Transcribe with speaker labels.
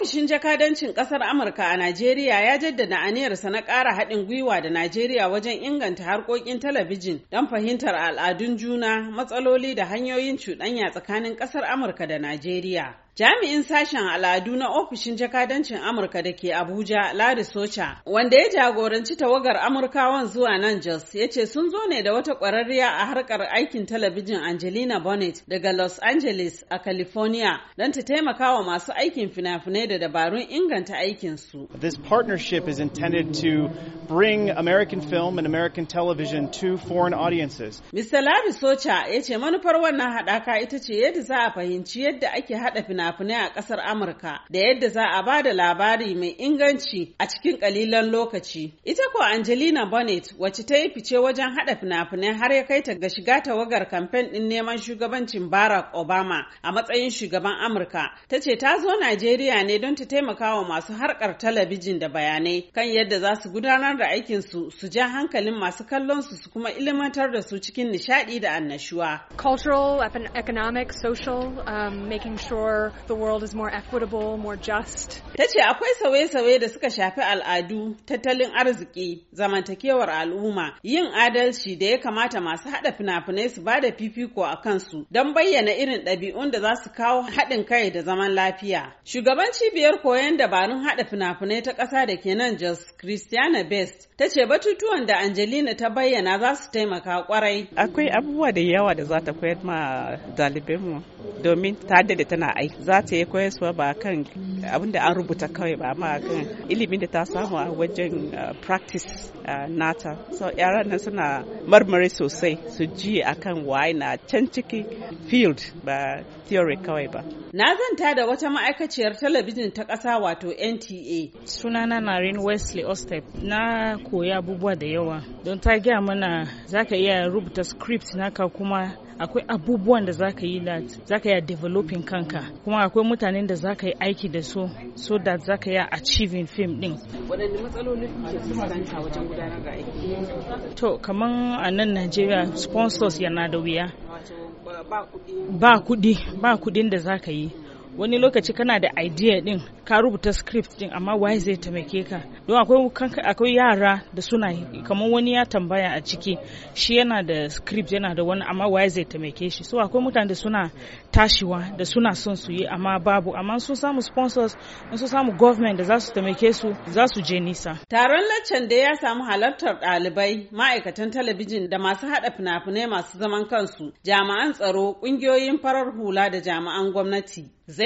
Speaker 1: Ofishin jakadancin ƙasar Amurka a Najeriya ya jaddada aniyarsa na ƙara haɗin gwiwa da Najeriya wajen inganta harkokin talabijin don fahimtar al'adun juna, matsaloli da hanyoyin cuɗanya tsakanin ƙasar Amurka da Najeriya. Jami'in sashen al'adu na ofishin jakadancin Amurka da ke Abuja, Ladi Socha, wanda ya jagoranci tawagar Amurkawan zuwa nan Jos, ya ce sun zo ne da wata ƙwararriya a harkar aikin talabijin Angelina Bonnet daga Los Angeles a California don ta taimaka wa masu aikin fina-finai da dabarun inganta aikinsu. This partnership is intended to bring American film and American television to foreign audiences. Mr. Labi Socha ya ce manufar wannan haɗaka ita ce yadda za a fahimci yadda ake haɗa fina-finai a ƙasar Amurka da yadda za a ba da labari mai inganci a cikin ƙalilan lokaci. Ita ko Angelina Bonnet wacce ta yi fice wajen haɗa fina-finai har ya kai ta ga shiga tawagar kamfen ɗin neman shugabancin Barack Obama a matsayin shugaban Amurka. Ta ce ta zo Najeriya ne don ta taimaka wa masu harkar talabijin da bayanai kan yadda za su gudanar da aikinsu su ja hankalin masu kallon su su kuma ilimantar da su cikin nishadi da annashuwa.
Speaker 2: Cultural, economic, social, um, making sure the world is more equitable, more just.
Speaker 1: Ta ce akwai sauye-sauye da suka shafi al'adu, tattalin arziki, zamantakewar al'umma, yin adalci da ya kamata masu haɗa fina-finai su ba da fifiko a kansu don bayyana irin ɗabi'un da za su kawo haɗin kai da zaman lafiya. Shugabanci Cibiyar koyon dabarun haɗa fina-finai ta ƙasa da ke nan Jos Christiana Best ta ce batutuwan da Angelina ta bayyana za su taimaka kwarai. Akwai
Speaker 2: abubuwa da yawa da za ta koyar
Speaker 1: ma mu domin ta da tana aiki. Za ta yi koyarwa ba kan abin da an rubuta kawai ba amma kan ilimin da ta samu a wajen uh, practice uh, nata. So yaran nan suna marmari sosai su ji akan waye na can
Speaker 2: ciki field ba theory kawai ba.
Speaker 1: Na zanta da wata ma'aikaciyar talabijin
Speaker 2: talabijin ta ƙasa wato NTA. Sunana Narin Wesley Ostep na koya abubuwa da yawa don ta gaya mana za ka iya rubuta script naka kuma akwai abubuwan da zaka yi da zaka yi developing kanka kuma akwai mutanen da zaka yi aiki da su so that zaka yi achieving film din
Speaker 1: waɗanne matsaloli kuke fuskanta wajen gudanar
Speaker 2: da aiki to kaman a nan Najeriya sponsors yana da wuya ba kuɗi ba kudin da zaka yi wani lokaci kana da idea din ka rubuta script din amma why zai taimake ka don akwai akwai yara da suna kamar wani ya tambaya a ciki shi yana da script yana da wani amma why zai taimake shi so akwai mutane da suna tashiwa da suna son su yi amma babu amma sun samu sponsors sun samu government da za su taimake su za su je nisa
Speaker 1: taron laccan da ya samu halartar ɗalibai ma'aikatan talabijin da masu haɗa fina-finai masu zaman kansu jami'an tsaro ƙungiyoyin farar hula da jami'an gwamnati